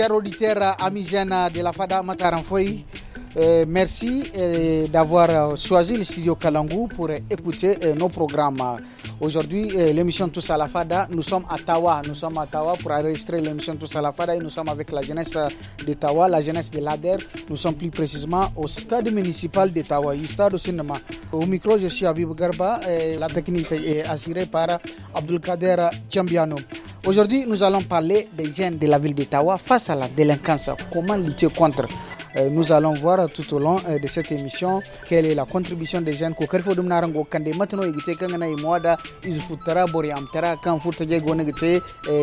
chers auditeurs, amis jeunes de la FADA Mataranfoy, Euh, merci euh, d'avoir euh, choisi le studio Kalangu pour écouter nos programmes. Aujourd'hui, l'émission Tous à la Fada, nous sommes à Tawa. Nous sommes à Tawa pour enregistrer l'émission Tous à la Fada et nous sommes avec la jeunesse de Tawa, la jeunesse de l'ADER. Nous sommes plus précisément au stade municipal de Tawa, du stade au cinéma. Au micro, je suis Abib Garba la technique est assurée par Abdulkader Tchambiano. Aujourd'hui, nous allons parler des jeunes de la ville de Tawa face à la délinquance. Comment lutter contre euh, nous allons voir tout au long euh, de cette émission quelle est la contribution des jeunes ko karfo dum narango kande matno igite moda izfutara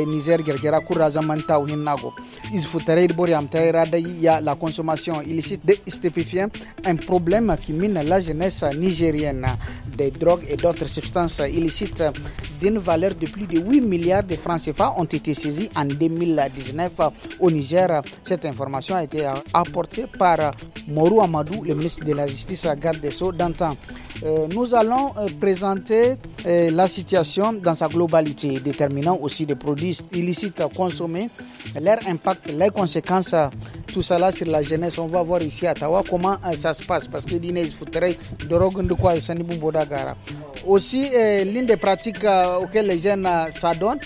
niger gergera la consommation illicite de stupéfiants un problème qui mine la jeunesse nigérienne des drogues et d'autres substances illicites d'une valeur de plus de 8 milliards de francs CFA ont été saisis en 2019 au Niger. Cette information a été apportée par Morou Amadou, le ministre de la Justice à Garde des Sceaux d'antan. Euh, nous allons euh, présenter euh, la situation dans sa globalité, déterminant aussi des produits illicites à consommer, leur impact, les conséquences, tout cela sur la jeunesse. On va voir ici à Tawa comment ça se passe parce que Dinez Fouterey, Dorogun de quoi aussi, euh, l'une des pratiques euh, auxquelles les jeunes euh, s'adonnent,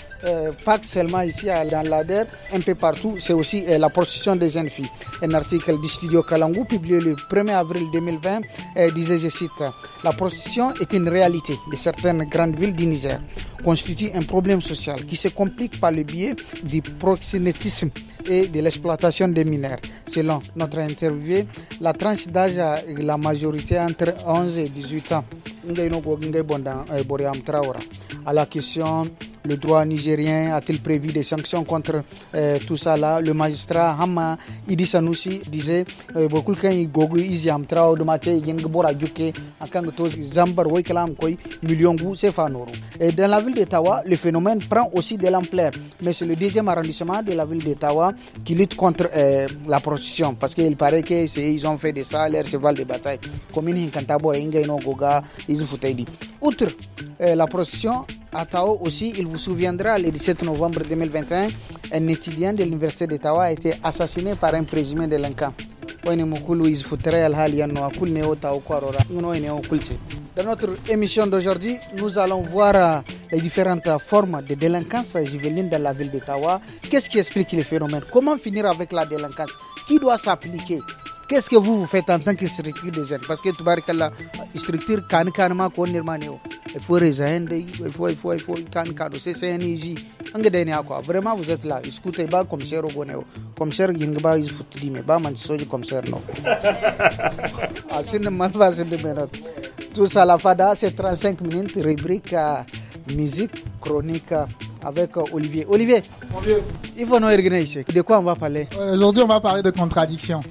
pas seulement ici à l'ADER, un peu partout, c'est aussi la prostitution des jeunes filles. Un article du studio Kalangu publié le 1er avril 2020 disait, je cite, La prostitution est une réalité de certaines grandes villes du Niger, constitue un problème social qui se complique par le biais du proxénétisme et de l'exploitation des mineurs. Selon notre interview, la tranche d'âge est la majorité entre 11 et 18 ans. ngay no go ngay bonda eh, boriam traora à la question Le droit nigérien a-t-il prévu des sanctions contre euh, tout ça là Le magistrat Hama Idi disait euh, beaucoup de Et dans la ville d'Ottawa, le phénomène prend aussi de l'ampleur, mais c'est le deuxième arrondissement de la ville d'Ottawa qui lutte contre euh, la prostitution parce qu'il paraît que ils ont fait des salaires cheval de bataille. batailles. Outre la prostitution, à Tao aussi, ils vous souviendra, le 17 novembre 2021, un étudiant de l'Université d'Ottawa a été assassiné par un présumé délinquant. Dans notre émission d'aujourd'hui, nous allons voir euh, les différentes formes de délinquance juvénile dans la ville d'Ottawa. Qu'est-ce qui explique le phénomène Comment finir avec la délinquance Qui doit s'appliquer qu'est-ce que vous, vous faites en tant que structure de jeunes Parce que tu vas la structure kan kan il oh, Il faut il faut il faut il faut kan oh, c'est c'est une Vraiment vous êtes là. Écoutez pas comme cher au bonheur. Oh. Comme cher il ba il faut dire mais pas man comme cher ah, c'est ne mal pas de minutes. Tout ça la fada c'est 35 minutes rubrique euh, musique chronique euh, avec euh, Olivier. Olivier, il faut nous ici. De quoi on va parler Aujourd'hui, on va parler de contradictions.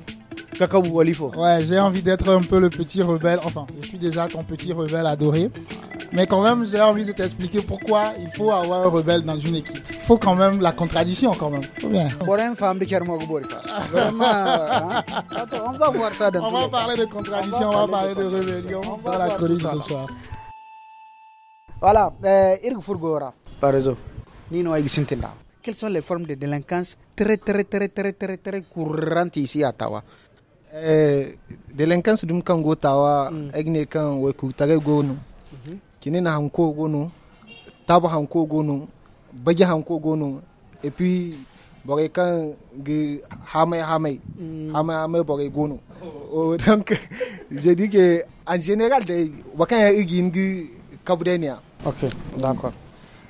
Ouais, j'ai envie d'être un peu le petit rebelle. Enfin, je suis déjà ton petit rebelle adoré. Mais quand même, j'ai envie de t'expliquer pourquoi il faut avoir un rebelle dans une équipe. Il faut quand même la contradiction, quand même. bien. Vraiment, hein. on va voir ça On va parler de contradiction, on va parler de rébellion dans la colline ce soir. Voilà, euh, Irg Fourgora. Par raison. Nino Quelles sont les formes de délinquance très, très, très, très, très, très courantes ici à Tawa Eh, delenkan su dum kan tawa egne mm. kan we ku tare gono mhm. kini na hanko gono tabu hanko han ko go gono et puis bore kan gi hamay hamay mm. hamay hamay bore gono donc je dis que en général de wakan ya igi ngi kabudenia ok d'accord mm.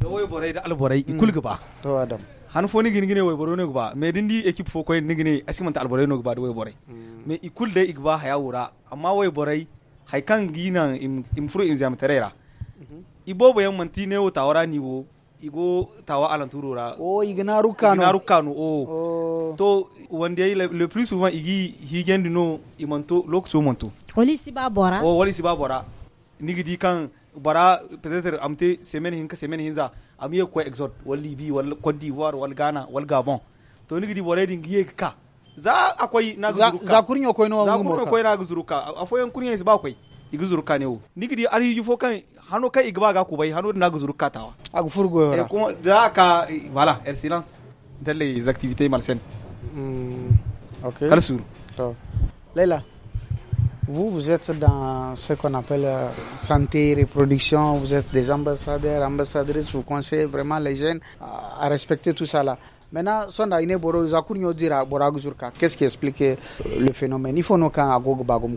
da wai borai da alborai mm. ikul gaba to adam han fo nigini gine wai borai no gaba me dindi equipe fo ko nigini asimanta alborai no gaba da wai borai mm. me ikul da igba haya wura amma wai borai hay kan gina im im furu im zam terera mhm. ibo bo yan manti ne wata wara ni wo igo tawa alanturo ra o igna rukano igna rukano o to wande le plus souvent igi di no imanto lokto monto wali siba bora o wali siba bora nigidi kan bara peut-être amte semaine hinka semaine hinza amiye ye ko exode wal libi wal cote d'ivoire wal ghana wal gabon to ni gidi bore din ye ka za akoi na guzuruka za kurnyo koy no za kurnyo koy na guzuruka afoyen kurnyo ba koi igi ne wo ni gidi ari yu fo kan hano kai igba ga ku bai hano na guzuruka tawa ag furgo e kuma da ka voilà el silence dans les activités malsaines mm, okay kal sur. to leila Vous, vous êtes dans ce qu'on appelle euh, santé, reproduction, vous êtes des ambassadeurs, ambassadrices, vous conseillez vraiment les jeunes à respecter tout ça là. Maintenant, sonda ine boro zakur nyo Qu'est-ce qui explique euh, le phénomène? Il faut nous quand agog bagum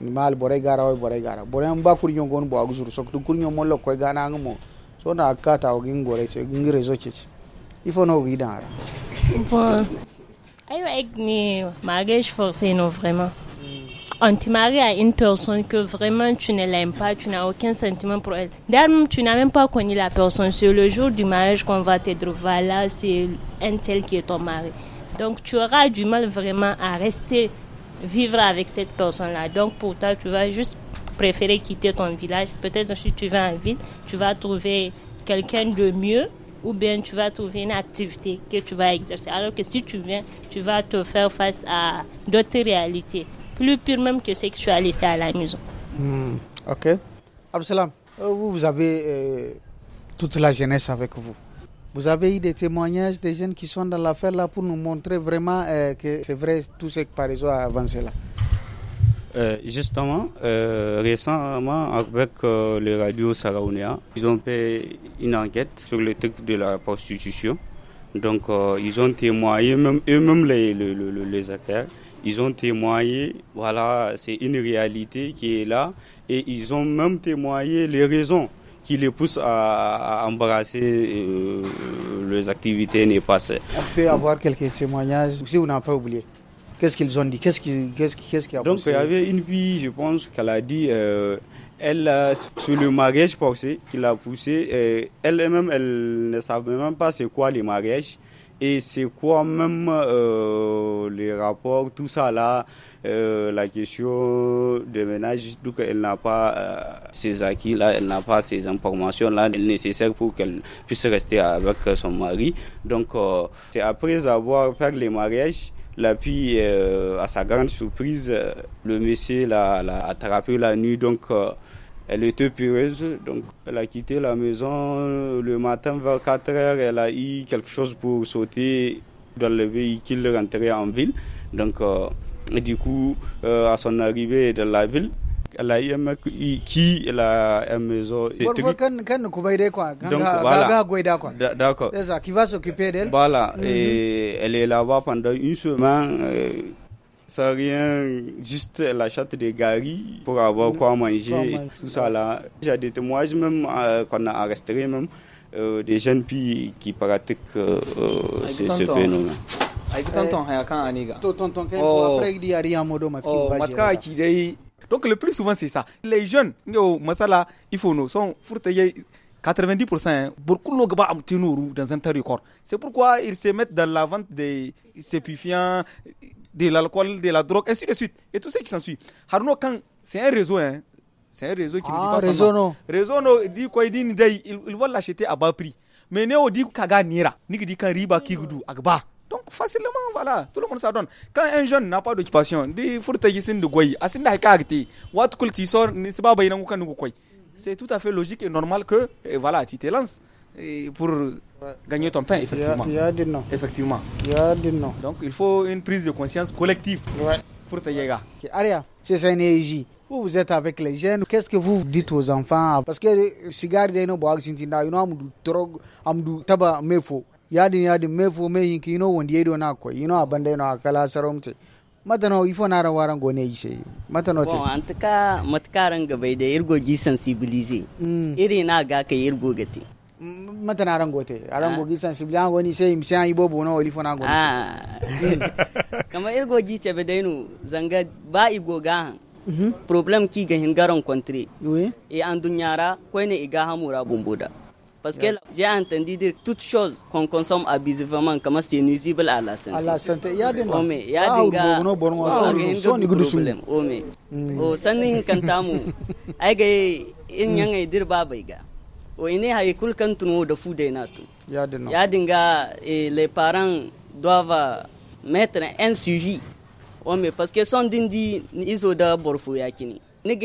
Mal boray e gara oy boray e gara. Boray e mba gon boragu zur sok tu kur gana ngumo. Sonda akata ogin Il faut nous guider. Bon. Ayo ek ni magage forcé non vraiment on te marie à une personne que vraiment tu ne l'aimes pas, tu n'as aucun sentiment pour elle. D'ailleurs, tu n'as même pas connu la personne. C'est le jour du mariage qu'on va te dire, voilà, c'est un tel qui est ton mari. Donc, tu auras du mal vraiment à rester vivre avec cette personne-là. Donc, pour toi, tu vas juste préférer quitter ton village. Peut-être si tu vas en ville, tu vas trouver quelqu'un de mieux ou bien tu vas trouver une activité que tu vas exercer. Alors que si tu viens, tu vas te faire face à d'autres réalités plus pur même que sexualité à la maison. Hmm, ok. Absalam, euh, vous, avez euh, toute la jeunesse avec vous. Vous avez eu des témoignages des jeunes qui sont dans l'affaire là pour nous montrer vraiment euh, que c'est vrai tout ce que Parisot a avancé là. justement, récemment, avec les radios Saraounéa, ils ont fait une enquête sur le truc de la prostitution. Donc, ils ont témoigné, eux-mêmes les, les acteurs, ils ont témoigné, voilà, c'est une réalité qui est là, et ils ont même témoigné les raisons qui les poussent à, embrasser euh, les activités népassées. On peut avoir quelques témoignages, si on n'a pas oublié. Qu'est-ce qu'ils ont dit Qu'est-ce qui, qu'est-ce, qui a Donc, il y avait une fille, je pense, qu'elle a dit... Euh, elle, sur le mariage forcé qui l'a poussé, elle-même, elle ne savait même pas c'est quoi les mariage, et c'est quoi même euh, les rapports, tout ça là, euh, la question de ménage, donc elle n'a pas euh, ses acquis là, elle n'a pas ses informations là nécessaires pour qu'elle puisse rester avec son mari. Donc c'est après avoir fait les mariages la puis, à sa grande surprise, le monsieur l'a attrapé la nuit. Donc, elle était pureuse, donc elle a quitté la maison le matin vers 4 heures. Elle a eu quelque chose pour sauter dans le véhicule rentrer en ville. Donc, euh, et du coup, euh, à son arrivée dans la ville, elle a eu un mec qui a une maison. D'accord. qui va s'occuper d'elle. Voilà. Mhm. Et elle est là-bas pendant une semaine. Euh, ça rien, juste la chatte des Gary pour avoir mm. quoi manger, tout ça là. J'ai des témoignages même euh, qu'on a arrêté même euh, des jeunes qui pratiquent euh, ce, phénomène. Donc le plus souvent c'est ça. Les jeunes, masala, il faut nous sont 90% hein. beaucoup dans un territoire. C'est pourquoi ils se mettent dans la vente des sépifiants de l'alcool, de la drogue, ainsi de suite. Et tout ce qui s'ensuit. Haruno quand c'est un réseau, hein. C'est un réseau qui ah, ne dit pas réseau son nom. Non. Réseau non, il dit quoi, il dit Ndei, ils, ils vont l'acheter à bas prix. Mais Néo dit Kaga Nira, Niki dit Kan Riba Kigudu, Agba. Donc facilement, voilà, tout le monde s'adonne. Quand un jeune n'a pas d'occupation, il faut que tu de quoi, à Sinda Kagti, Wat Kulti sort, n'est pas Bayanoukan Nukoy. C'est tout à fait logique et normal que, voilà, tu te lances et pour gagner ton pain, effectivement. Il y a, il y Effectivement. Il y a non. Donc il faut une prise de conscience collective pour te ouais. okay. Aria, c'est ça énergie. Vous, vous êtes avec les jeunes, qu'est-ce que vous dites aux enfants Parce que euh, cigare de no boag sintinda, you know, amdu drogue, du taba mefo. Yadin yadin mefo me yin you know, wandi yedo na ko, you know, abanda you know, akala saromte. matano il faut nara waran gone ise matano te bon en tout cas matkaran irgo ji sensibiliser hmm. iri na ga ka irgo gati matana arangote arangogi ah. sensible an woni se imse an ibobo no wali fona go ah. kama irgo gi chebe denu zanga ba igoga han mhm. problem ki ga hingaron country oui e an dunyara ko ne iga mura bumbuda parce que yeah. j'ai entendu dire toute chose qu'on consomme abusivement comment c'est nuisible à la santé à la santé ya dinga ome ya ah, dinga no borno so ni gudu problem ome mm. o sanin kantamu ai ga in yanga e dir babai ga o ine e kul kan da fude na e, les parents doivent euh, mettre un suivi o oh, me parce que son dindi ni izo da borfo ya kini ni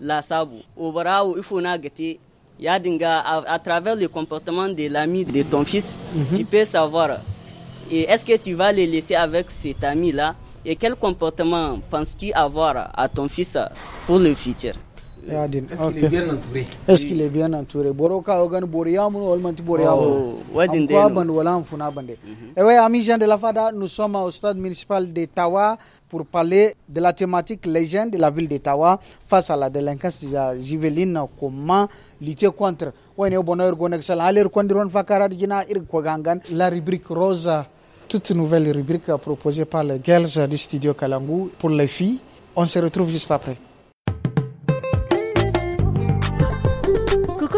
la sabu o barawo gati à, travers le comportement de l'ami de ton fils mhm. tu peux savoir et est-ce que tu vas le laisser avec cet ami là et quel comportement penses-tu avoir à ton fils pour le futur est ce qu'il est bien entouré Est-ce qu'il est bien entouré Oui, amis gens de la fada nous sommes au stade municipal de Tawa pour parler de la thématique légende de la ville de Tawa face à la délinquance juvénile comment lutter contre gonexal kondiron fakara ir la rubrique rose toute nouvelle rubrique proposée par les girls du studio Kalangu pour les filles on se retrouve juste après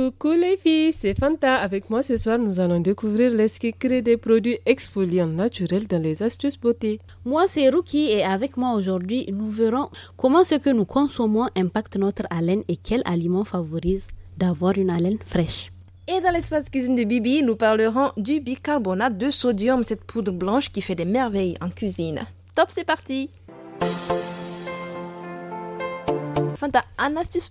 Coucou les filles, c'est Fanta. Avec moi ce soir, nous allons découvrir les secrets des produits exfoliants naturels dans les astuces beauté. Moi, c'est Ruki et avec moi aujourd'hui, nous verrons comment ce que nous consommons impacte notre haleine et quels aliments favorisent d'avoir une haleine fraîche. Et dans l'espace cuisine de Bibi, nous parlerons du bicarbonate de sodium, cette poudre blanche qui fait des merveilles en cuisine. Top, c'est parti! Fanta, un astuce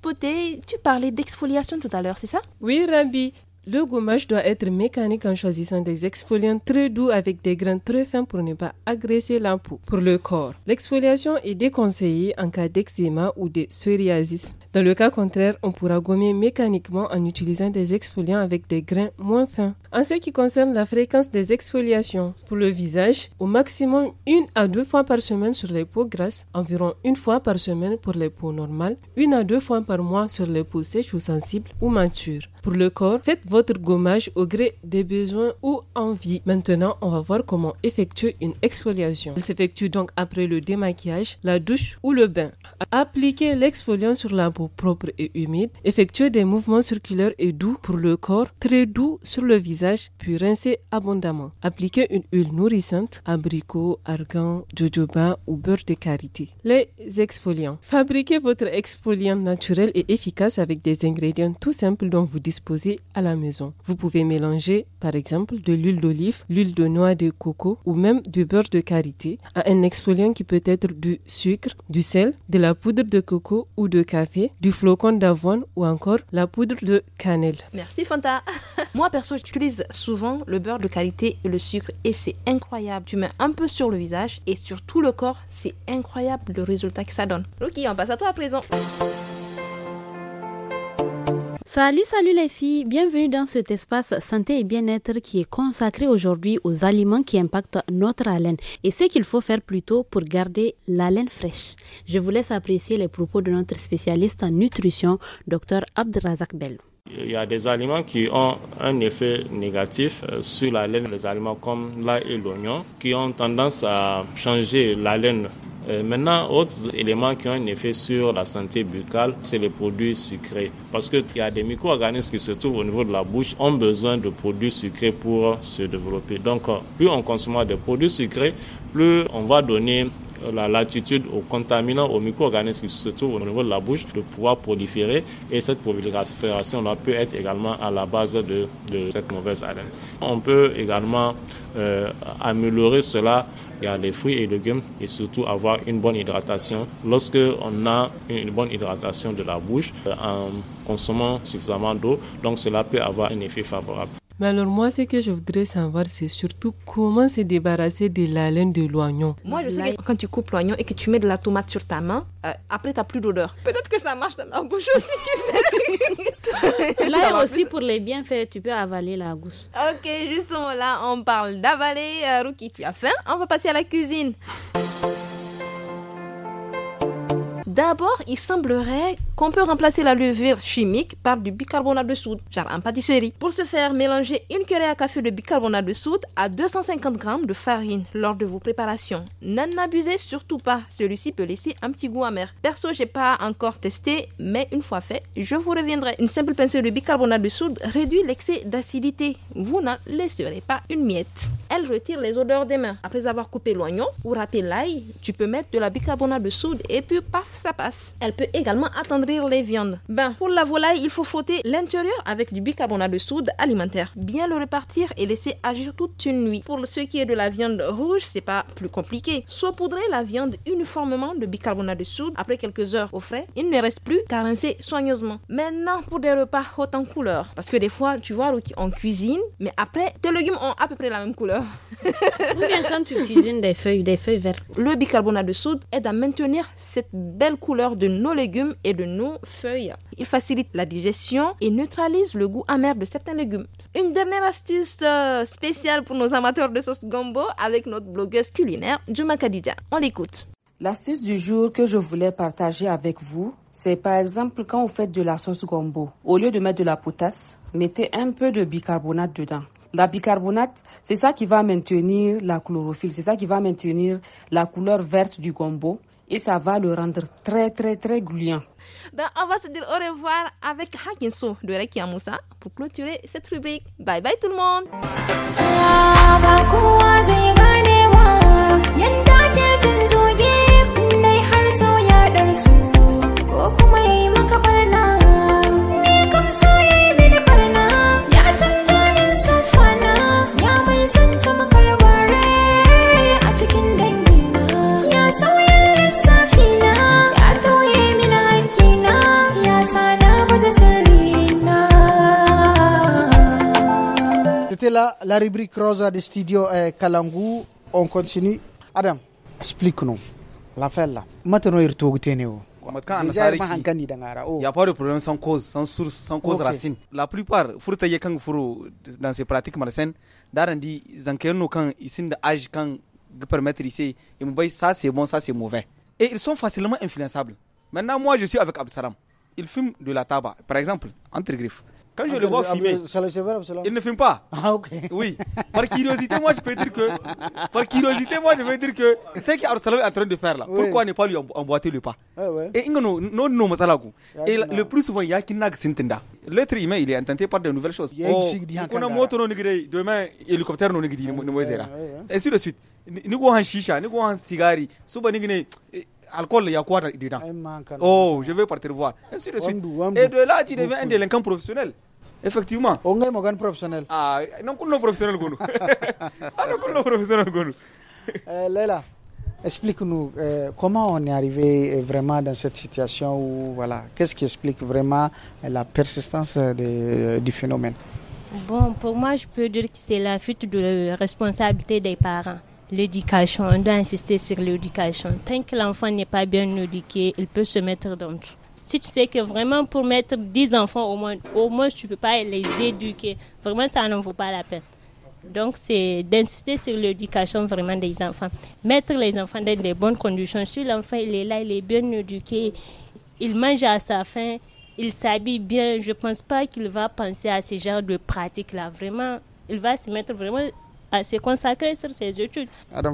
tu parlais d'exfoliation tout à l'heure, c'est ça Oui, Rabi. Le gommage doit être mécanique en choisissant des exfoliants très doux avec des grains très fins pour ne pas agresser la peau. Pour le corps, l'exfoliation est déconseillée en cas d'eczéma ou de psoriasis dans le cas contraire, on pourra gommer mécaniquement en utilisant des exfoliants avec des grains moins fins. En ce qui concerne la fréquence des exfoliations, pour le visage, au maximum une à deux fois par semaine sur les peaux grasses, environ une fois par semaine pour les peaux normales, une à deux fois par mois sur les peaux sèches ou sensibles ou matures pour le corps, faites votre gommage au gré des besoins ou envie Maintenant, on va voir comment effectuer une exfoliation. Elle s'effectue donc après le démaquillage, la douche ou le bain. Appliquez l'exfoliant sur la peau propre et humide. Effectuez des mouvements circulaires et doux pour le corps, très doux sur le visage, puis rincez abondamment. Appliquez une huile nourrissante, abricot, argan, jojoba ou beurre de karité. Les exfoliants. Fabriquez votre exfoliant naturel et efficace avec des ingrédients tout simples dont vous disposez à la maison. Vous pouvez mélanger par exemple de l'huile d'olive, l'huile de noix de coco ou même du beurre de karité à un exfoliant qui peut être du sucre, du sel, de la poudre de coco ou de café, du flocon d'avoine ou encore la poudre de cannelle. Merci Fanta. Moi perso, j'utilise souvent le beurre de karité et le sucre et c'est incroyable. Tu mets un peu sur le visage et sur tout le corps, c'est incroyable le résultat que ça donne. Ok, on passe à toi à présent. Salut, salut les filles, bienvenue dans cet espace santé et bien-être qui est consacré aujourd'hui aux aliments qui impactent notre haleine et ce qu'il faut faire plutôt pour garder l'haleine fraîche. Je vous laisse apprécier les propos de notre spécialiste en nutrition, Dr Abdrazak Bel. Il y a des aliments qui ont un effet négatif euh, sur la laine, les aliments comme l'ail et l'oignon, qui ont tendance à changer la laine euh, maintenant, autres éléments qui ont un effet sur la santé buccale, c'est les produits sucrés. Parce qu'il y a des micro-organismes qui se trouvent au niveau de la bouche, ont besoin de produits sucrés pour se développer. Donc, euh, plus on consomme des produits sucrés, plus on va donner euh, la latitude aux contaminants, aux micro-organismes qui se trouvent au niveau de la bouche de pouvoir proliférer et cette prolifération-là peut être également à la base de, cette mauvaise haleine. On peut également euh, améliorer cela il les fruits et légumes et surtout avoir une bonne hydratation. Lorsque on a une bonne hydratation de la bouche euh, en consommant suffisamment d'eau, donc cela peut avoir un effet favorable. Mais alors moi, ce que je voudrais savoir, c'est surtout comment se débarrasser de la laine de l'oignon. Moi, je sais que quand tu coupes l'oignon et que tu mets de la tomate sur ta main, euh, après, tu n'as plus d'odeur. Peut-être que ça marche dans la bouche aussi. là aussi, pour les bienfaits, tu peux avaler la gousse. Ok, justement, là, on parle d'avaler. Euh, Ruki, tu as faim On va passer à la cuisine. D'abord, il semblerait qu'on peut remplacer la levure chimique par du bicarbonate de soude, genre en pâtisserie. Pour ce faire, mélangez une cuillère à café de bicarbonate de soude à 250 g de farine lors de vos préparations. N'en abusez surtout pas, celui-ci peut laisser un petit goût amer. Perso, j'ai pas encore testé, mais une fois fait, je vous reviendrai. Une simple pincée de bicarbonate de soude réduit l'excès d'acidité. Vous n'en laisserez pas une miette. Elle retire les odeurs des mains. Après avoir coupé l'oignon ou râpé l'ail, tu peux mettre de la bicarbonate de soude et puis paf, ça passe. Elle peut également attendrir les viandes. Ben, pour la volaille, il faut frotter l'intérieur avec du bicarbonate de soude alimentaire. Bien le répartir et laisser agir toute une nuit. Pour ce qui est de la viande rouge, c'est pas plus compliqué. Saupoudrer la viande uniformément de bicarbonate de soude après quelques heures au frais. Il ne reste plus qu'à rincer soigneusement. Maintenant, pour des repas hautes en couleur. Parce que des fois, tu vois, on cuisine, mais après, tes légumes ont à peu près la même couleur. Ou bien quand tu cuisines des feuilles, des feuilles vertes. Le bicarbonate de soude aide à maintenir cette belle couleur de nos légumes et de nos feuilles. Il facilite la digestion et neutralise le goût amer de certains légumes. Une dernière astuce euh, spéciale pour nos amateurs de sauce gombo avec notre blogueuse culinaire, Juma Khadija. On l'écoute. L'astuce du jour que je voulais partager avec vous, c'est par exemple quand vous faites de la sauce gombo, au lieu de mettre de la potasse, mettez un peu de bicarbonate dedans. La bicarbonate, c'est ça qui va maintenir la chlorophylle, c'est ça qui va maintenir la couleur verte du gombo et ça va le rendre très très très gluant. Donc ben, on va se dire au revoir avec Hakinso de Rekia Moussa pour clôturer cette rubrique. Bye bye tout le monde. la rubrique rosa de studio est Kalangu. On continue. Adam, explique-nous l'affaire là. Maintenant, il retourne Ténéo. Oh. Il n'y a pas de problème sans cause sans source sans cause racine la plupart dans ces pratiques malsaines darandi zankerno kan isin da âge kan permettre ici ils me ça c'est bon ça c'est mauvais et ils sont facilement influençables maintenant moi je suis avec Absalam il fume de la tabac par exemple entre griffes quand je ah, le vois ah, filmer, il ne filme pas. Ah, ok. Oui. Par curiosité, moi, je peux dire que, par curiosité, moi, je veux dire que, C'est ce qu'Arsalam est en train de faire là, pourquoi ne pas lui emboîter le pas ah, Et non, non, non, Et le plus souvent, il y a qui n'a L'être humain, il est intenté par de nouvelles choses. Oh, On a moto non demain, hélicoptère non Et sur de suite, nous avons un chicha, nous avons un cigari, eh, alcool, il y a quoi dedans Oh, je vais partir voir. Et suite. Et de là, tu deviens un délinquant professionnel effectivement On est un professionnel ah non un professionnel ah non professionnel eh, explique-nous eh, comment on est arrivé eh, vraiment dans cette situation où voilà qu'est-ce qui explique vraiment la persistance du phénomène Bon, pour moi, je peux dire que c'est la fuite de responsabilité des parents. L'éducation, on doit insister sur l'éducation. Tant que l'enfant n'est pas bien éduqué, il peut se mettre dans tout si tu sais que vraiment pour mettre 10 enfants au moins, au moins tu ne peux pas les éduquer, vraiment ça n'en vaut pas la peine. Donc, c'est d'insister sur l'éducation vraiment des enfants. Mettre les enfants dans des bonnes conditions. Si l'enfant, il est là, il est bien éduqué, il mange à sa faim, il s'habille bien, je ne pense pas qu'il va penser à ce genre de pratiques-là. Vraiment, il va se mettre vraiment à se consacrer sur ses études. Adam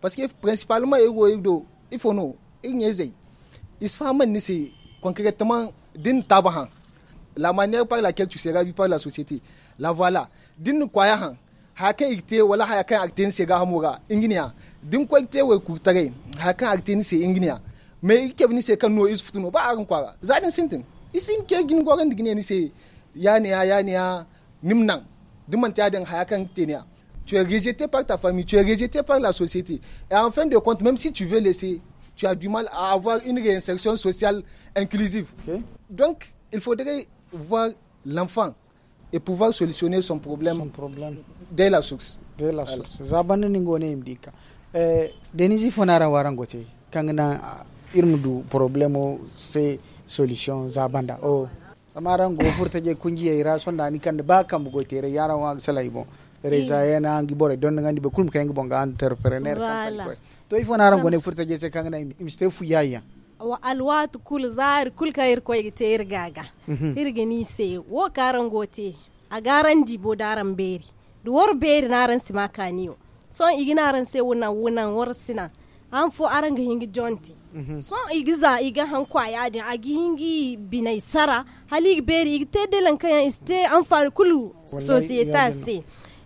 parce que principalement ego nous. ifono ignezei nous. ni c'est concrètement din tabahan la manière par laquelle tu seras vu par la société la voilà din haka ikte wala haka akten sega hamura nous. din kwaikte we kutare haka akten se nous. il se kan no is futuno ba nous. kwara zadin sintin isin ke gin goran digne ni se yani ya yani ya nimnan den nous. Tu es rejeté par ta famille, tu es rejeté par la société. Et en fin de compte, même si tu veux laisser, tu as du mal à avoir une réinsertion sociale inclusive. Okay. Donc, il faudrait voir l'enfant et pouvoir solutionner son problème, son problème. dès la source. Dès la source. Zabane ningone imdika. Eh, Denisi fonara warangote. Kangna ah, irmudu problème c'est solution zabanda. Oh. Amarango furtaje kungiya ira sonda ni kande ba kambugo tere yara wa salai bon. na angi bore don ngandi be kulum kayengi bonga entrepreneur voilà. kan to ifo naram gone furta jese kangana imste fu yaya wa alwat kul zar kul kayir ko yigite irgaga mhm. ni se wo karangote a garan dibo daran beri wor beri naran sima kaniyo son ran se wunan wunan sina an fo aran hingi jonti mhm. son igiza iga han kwa yadin agi hingi binai sara hali beri igite delan kayan iste amfani kulu societas se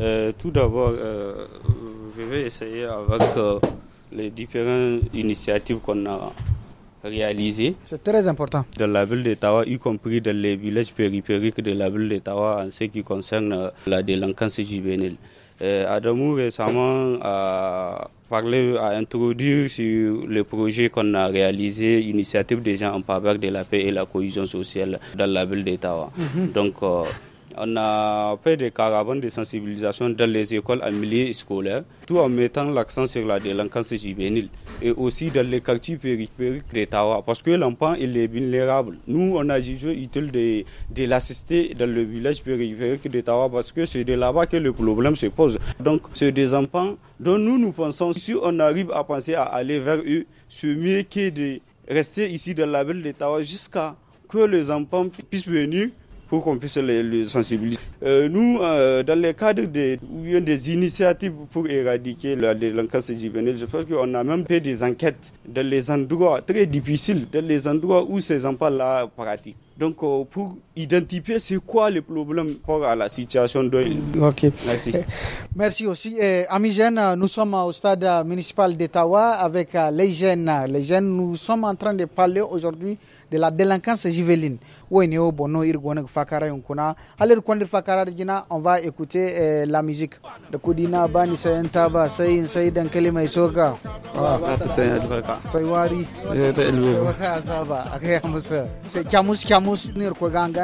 Euh, tout d'abord, euh, je vais essayer avec euh, les différentes initiatives qu'on a réalisées. C'est très important. Dans la ville d'Etawa, y compris dans les villages périphériques de la ville Tawa en ce qui concerne la délinquance juvénile. Adamou récemment a parlé, a introduit sur le projet qu'on a réalisé, Initiative des gens en faveur de la paix et la cohésion sociale dans la ville de Tawa. Mhm. Donc, on a fait des caravanes de sensibilisation dans les écoles en milieu scolaire, tout en mettant l'accent sur la délinquance juvénile et aussi dans les quartiers périphériques Tawa, parce que l'enfant il est vulnérable. Nous, on a jugé utile de, l'assister dans le village périphérique Tawa, parce que c'est de là-bas que le problème se pose. Donc, c'est des enfants dont nous, nous pensons, si on arrive à penser à aller vers eux, c'est mieux que de rester ici dans la ville Tawa jusqu'à que les enfants puissent venir qu'on puisse les, sensibiliser. Euh, nous, euh, dans le cadre des, des initiatives pour éradiquer la délinquance juvénile, je pense qu'on a même fait des enquêtes dans les endroits très difficiles, dans les endroits où ces enfants-là pratiquent. Donc, euh, pour identifier c'est quoi le problème par rapport à la situation de Ok. Merci. Merci aussi. amis jeunes, nous sommes au stade municipal d'Etawa avec les jeunes. Les jeunes, nous sommes en train de parler aujourd'hui de la délinquance juvéline. On va écouter eh, la musique. le kudina bani sayan taba sayin sai dankali mai soka. Sayin albarka. Sai wari. Sai ta ilmi. Sai wata asaba. Akai musa. Sai kyamus kyamus ne ko ganga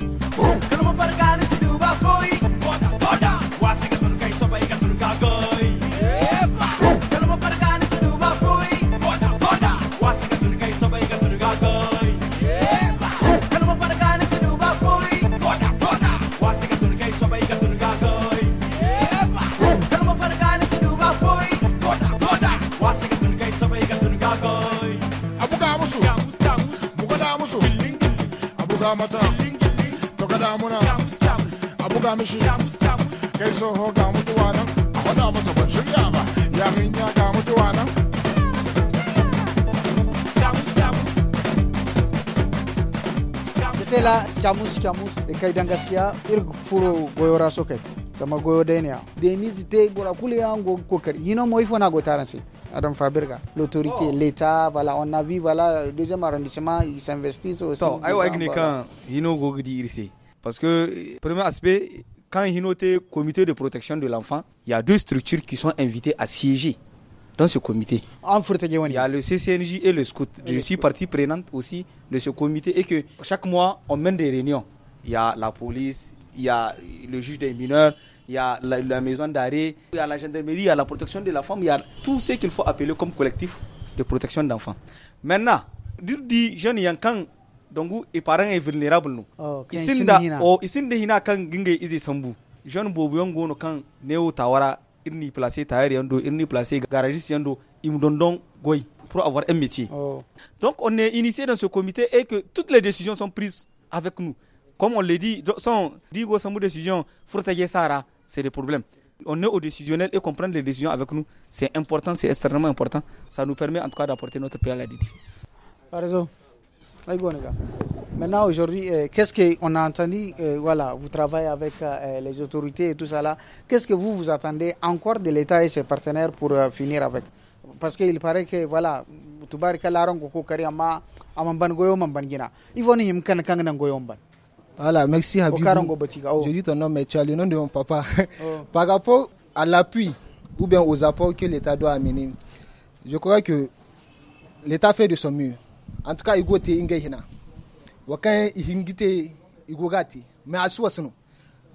buga mata to ka muna a buga mishi kai soho ga mutuwa nan a faɗa mata ban shirya ba yarinya ga mutuwa nan tela chamus chamus e kai dan gaskiya ir furo goyora kai kama goyo denia denizite bora kule ngo kokari yino moifo na taransi Adam Faberga, l'autorité, oh. l'État, voilà, on a vu, voilà, le deuxième arrondissement, ils s'investissent aussi. hino Parce que premier aspect, quand hino un comité de protection de l'enfant, il y a deux structures qui sont invitées à siéger dans ce comité. Il y a le CCNJ et le SCOUT. Je suis partie prenante aussi de ce comité et que chaque mois, on mène des réunions. Il y a la police, il y a le juge des mineurs, il y a la, maison d'arrêt, il y a la gendarmerie, il y a la protection de la femme, il y a tout ce qu'il faut appeler comme collectif de protection d'enfants. Maintenant, du di jeune yankan donc et parents est vulnérable nous. Isinda oh isinda hina kan ginge izi sambu. Jeune bobu yango no kan neo tawara irni placé tayari yando irni placé garage yando goy pour avoir un métier. Oh. Donc on est initié dans ce comité et que toutes les décisions sont prises avec nous. Comme on l'a dit, sans Digo décision, Sahara, c'est des problèmes. On est au décisionnel et comprendre les décisions avec nous, c'est important, c'est extrêmement important. Ça nous permet en tout cas d'apporter notre pays à la exemple. Maintenant, aujourd'hui, euh, qu'est-ce qu'on a entendu euh, Voilà, vous travaillez avec euh, les autorités et tout ça là. Qu'est-ce que vous vous attendez encore de l'État et ses partenaires pour finir avec Parce qu'il paraît que, voilà, Tubarika Il Goyom, Amban Gina. Voilà, merci Habibou. Oh. Je dis ton nom, mais tu as le nom de mon papa. Oh. Par rapport à l'appui ou bien aux apports que l'État doit amener, je crois que l'État fait de son mieux. En tout cas, il gote ingehina. Wakan ihingite igogati. Mais à soi,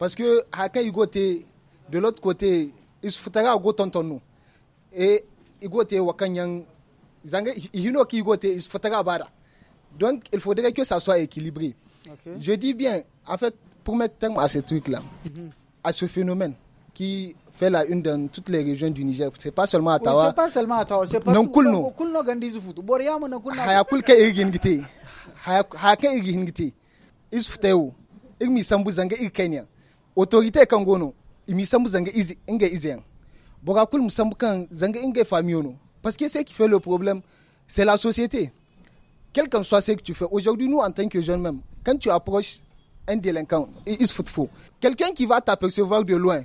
Parce que haka igote de l'autre côté, il se foutera au Et igote wakan yang zanga ki igote il se foutera bara. Donc, il faudrait que ça soit équilibré. Okay. Je dis bien, en fait, pour mettre terme à ce truc-là, mm à ce phénomène qui fait la une dans toutes les régions du Niger. C'est pas seulement à Tawa. Oui, c'est pas seulement à Tawa. C'est pas non kulno. Kulno gandizu futu. Boriya mo na Ils Haya kulka e irgingite. Ils haka irgingite. Isfuteu. Igmi sambu Kenya. Autorité e kangono. Igmi sambu zanga izi inge izien. Bora kul musambu kan zanga inge famiono. Parce que ce qui fait le problème, c'est la société. Quel que soit ce que tu fais. Aujourd'hui, nous, en tant que jeunes même, quand tu approches un délinquant, il se fout Quelqu'un qui va t'apercevoir de loin,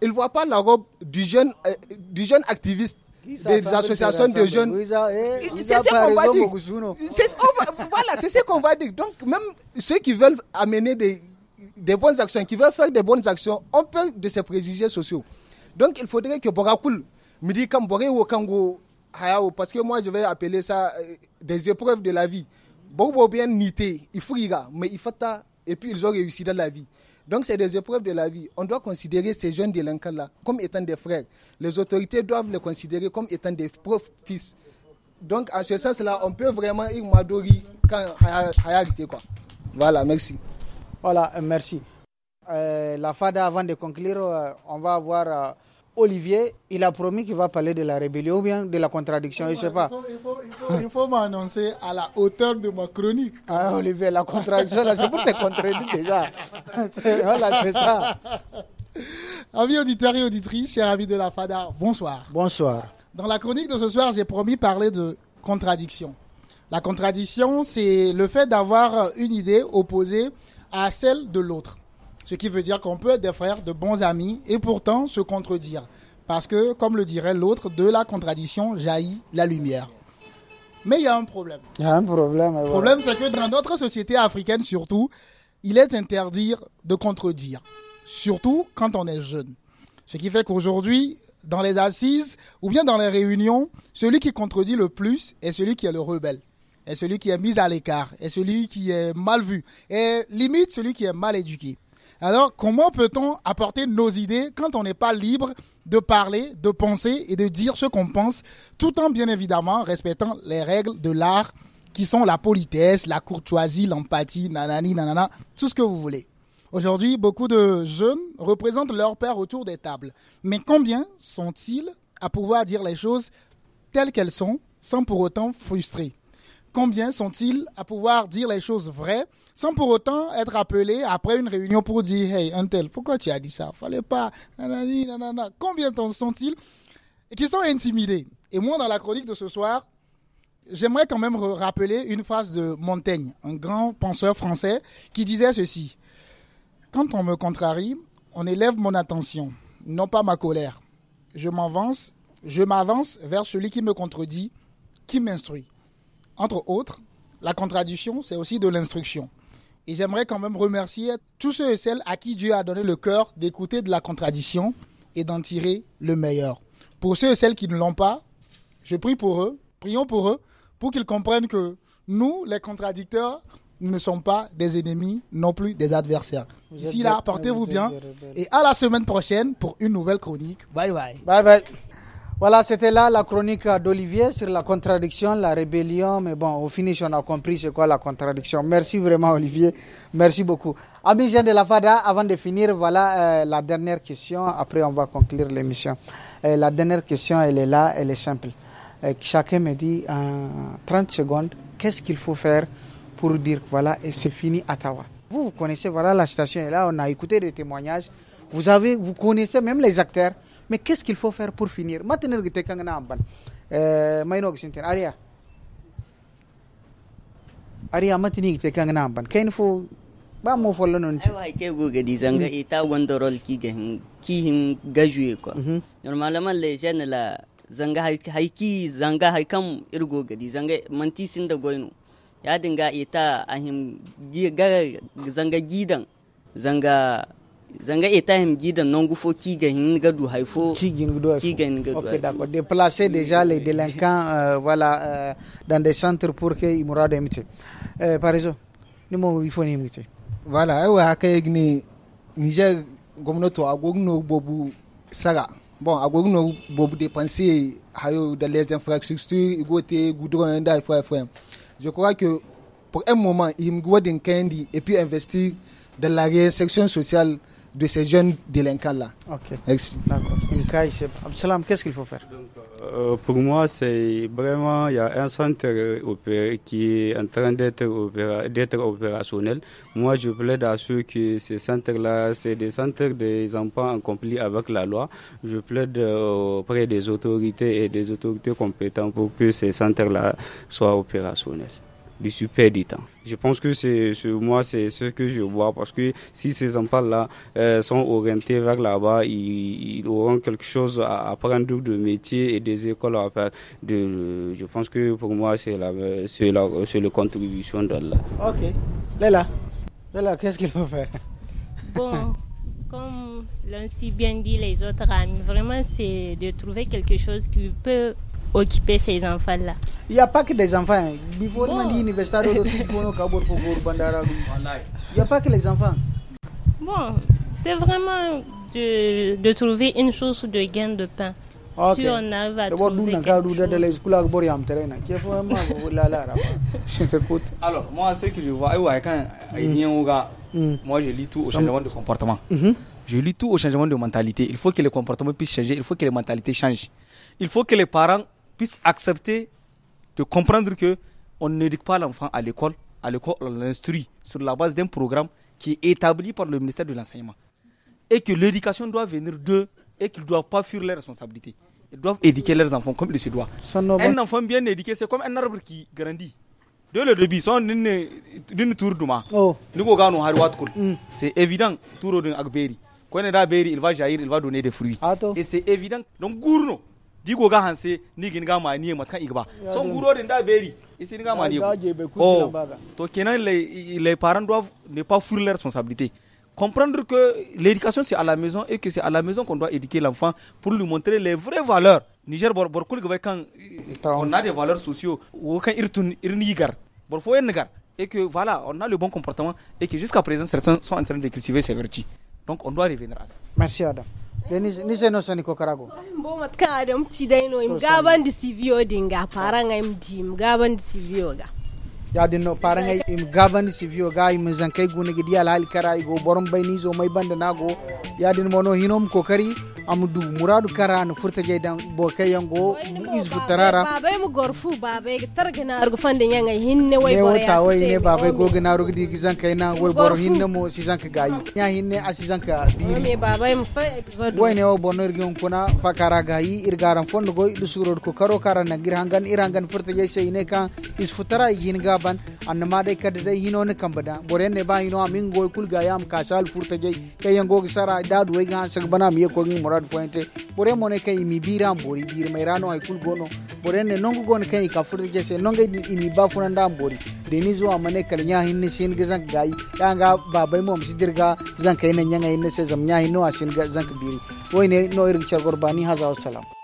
il ne voit pas la robe du jeune, euh, du jeune activiste des associations de jeunes. Eh, c'est ce qu'on va dire. Voilà, c'est ce qu'on va dire. Donc, même ceux qui veulent amener des, bonnes actions, qui veulent faire des bonnes actions, ont peur de ces préjugés sociaux. Donc, il faudrait que Borakul me dise Boré ou Kango Hayao, parce que moi, je vais appeler ça euh, des épreuves de la vie bien nité, il friga, mais il faut et puis ils ont réussi dans la vie. Donc c'est des épreuves de la vie. On doit considérer ces jeunes délinquants-là comme étant des frères. Les autorités doivent les considérer comme étant des propres fils. Donc à ce sens-là, on peut vraiment y Madori quand réalité quoi. Voilà, merci. Voilà, euh, merci. Euh, la FADA, avant de conclure, euh, on va avoir... Olivier, il a promis qu'il va parler de la rébellion ou bien de la contradiction, il je ne sais pas. Il faut, m'annoncer à la hauteur de ma chronique. Ah, Olivier, la contradiction, c'est pour te contredire déjà. voilà, c'est ça. Amis auditeurs et auditrices, chers amis de la FADA, bonsoir. Bonsoir. Dans la chronique de ce soir, j'ai promis parler de contradiction. La contradiction, c'est le fait d'avoir une idée opposée à celle de l'autre. Ce qui veut dire qu'on peut être des frères, de bons amis, et pourtant se contredire. Parce que, comme le dirait l'autre, de la contradiction jaillit la lumière. Mais il y a un problème. Il y a un problème. Le problème, c'est que dans d'autres sociétés africaines, surtout, il est interdit de contredire. Surtout quand on est jeune. Ce qui fait qu'aujourd'hui, dans les assises ou bien dans les réunions, celui qui contredit le plus est celui qui est le rebelle, est celui qui est mis à l'écart, est celui qui est mal vu, et limite celui qui est mal éduqué. Alors, comment peut-on apporter nos idées quand on n'est pas libre de parler, de penser et de dire ce qu'on pense, tout en bien évidemment respectant les règles de l'art qui sont la politesse, la courtoisie, l'empathie, nanani, nanana, tout ce que vous voulez. Aujourd'hui, beaucoup de jeunes représentent leur père autour des tables. Mais combien sont-ils à pouvoir dire les choses telles qu'elles sont sans pour autant frustrer combien sont-ils à pouvoir dire les choses vraies sans pour autant être appelés après une réunion pour dire Hey, un tel, pourquoi tu as dit ça Fallait pas. Nanani, nanana. Combien sont-ils et qui sont intimidés Et moi, dans la chronique de ce soir, j'aimerais quand même rappeler une phrase de Montaigne, un grand penseur français, qui disait ceci Quand on me contrarie, on élève mon attention, non pas ma colère. Je m'avance, je m'avance vers celui qui me contredit, qui m'instruit. Entre autres, la contradiction, c'est aussi de l'instruction. Et j'aimerais quand même remercier tous ceux et celles à qui Dieu a donné le cœur d'écouter de la contradiction et d'en tirer le meilleur. Pour ceux et celles qui ne l'ont pas, je prie pour eux, prions pour eux, pour qu'ils comprennent que nous, les contradicteurs, nous ne sommes pas des ennemis, non plus des adversaires. D'ici là, portez-vous bien. Et à la semaine prochaine pour une nouvelle chronique. Bye bye. Bye bye. Voilà, c'était là la chronique d'Olivier sur la contradiction, la rébellion. Mais bon, au finish, on a compris c'est quoi la contradiction. Merci vraiment, Olivier. Merci beaucoup. Ami Jean de la FADA, avant de finir, voilà euh, la dernière question. Après, on va conclure l'émission. Euh, la dernière question, elle est là, elle est simple. Euh, chacun me dit en 30 secondes, qu'est-ce qu'il faut faire pour dire voilà, et c'est fini, Tawa Vous, vous connaissez, voilà, la station est là, on a écouté des témoignages. Vous, avez, vous connaissez même les acteurs. Mais qu'est-ce qu'il faut faire pour finir Maintenant, il y a un ban. Euh, Maïno, c'est Aria. Aria, maintenant, il y a un ban. Qu'est-ce qu'il faut ba mo folo non ci ay ke go gadi zanga ita wando rol ki ge ki hin gajue ko normalement les jeunes la zanga haiki zanga kam irgo di sanga manti sin da goyno ya dinga ita ahim ga zanga gidan zanga zanga eta hem gida nongu fo kiga hinga du hay fo kiga hinga kiga hinga ok d'accord déplacer déjà les délinquants euh, voilà euh, dans des centres pour que imura de mite euh, par exemple ni mo ifo eh ni mite voilà ay wa hakay gni niger gomnato agogno bobu saga bon agogno bobu dépenser hayo de les infrastructures igote goudron nda frère frère je crois que pour un moment il me doit d'un et puis investir dans la réinsertion sociale de ces jeunes délinquants-là. Ok. D'accord. qu'est-ce qu'il faut faire euh, Pour moi, c'est vraiment, il y a un centre qui est en train d'être opérationnel. Moi, je plaide à ceux que ces centres-là, c'est des centres des enfants accomplis avec la loi. Je plaide euh, auprès des autorités et des autorités compétentes pour que ces centres-là soient opérationnels du super du temps. Je pense que c'est moi c'est ce que je vois parce que si ces enfants-là euh, sont orientés vers là-bas, ils, auront quelque chose à apprendre de métier et des écoles à faire. De, je pense que pour moi c'est la c'est la c'est la contribution d'Allah. Ok, Léla, Léla, qu'est-ce qu'il faut faire Bon. Comme l'ont si bien dit les autres vraiment c'est de trouver quelque chose qui peut occuper ces enfants-là. Il n'y a pas que des enfants. Il n'y a pas que les enfants. Bon, c'est vraiment de, de, trouver une source de gain de pain. Si on arrive à trouver Alors, moi, ce que je vois, eh quand mm. moi, je lis tout au changement de comportement. Mm-hmm. Je lis tout au changement de mentalité. Il faut que les comportements puissent changer, il faut que les mentalités changent. Il faut que les parents puisse accepter de comprendre que on n'éduque pas l'enfant à l'école. À l'école, on l'instruit sur la base d'un programme qui est établi par le ministère de l'Enseignement. Et que l'éducation doit venir d'eux et qu'ils ne doivent pas fuir les responsabilités. Ils doivent éduquer leurs enfants comme il se doit. Un hein? enfant bien éduqué, c'est comme un arbre qui grandit. De le début, son d'une tour oh. mm. C'est évident, tour Quand il il va jaillir, il va donner des fruits. Ah, et c'est évident. Donc, gourno. Oh, les parents doivent ne pas fuir leurs responsabilités comprendre que l'éducation c'est à la maison et que c'est à la maison qu'on doit éduquer l'enfant pour lui montrer les vraies valeurs niger on a des valeurs sociaux et que voilà on a le bon comportement et que jusqu'à présent certains sont en train de cultiver ces vertus donc on doit revenir à ça merci adam ni seno sani kokarago mbomatkaada mtidaino imgaba ndi sivyodi ngaparanga imdi imgaba ndi sivyoga yadinno paranga im gavani sivio ga im zankay gune gidi al hal kara go borom bayni zo mai banda nago yadin mono hinom ko kari amdu muradu kara no furta jay dan bo kayango is futarara babe mu gorfu babe targina argu fande nyanga hinne way bor ya wota way ne babe go gina ru gidi zankay na way boro hinne mo si zanka gayi nya hinne asi zanka biri me babe mu fa exodo way ne o bono irgi on kuna fakara gayi irgaram fondo go du surod ko karo kara na girhangan irangan furta jay sai ne ka is futara yin ga taban annamade kadde hino ne kambada borene ba hino amin goy kulga yam kasal furta jey kayen gogi sara dadu wey gan sag bana mi ko ngi murad fuente bore mone kay mi bira mbori bir mayrano ay kul gono borene nongu gon kay ka furta jey se nonga imi ba funanda mbori deni zuwa mane kal nya hinne sin ga zank gayi danga babai mom sidirga zank kayne nya hinne se zam nya hinno asin ga zank biri woyne no irin chargorbani haza wassalam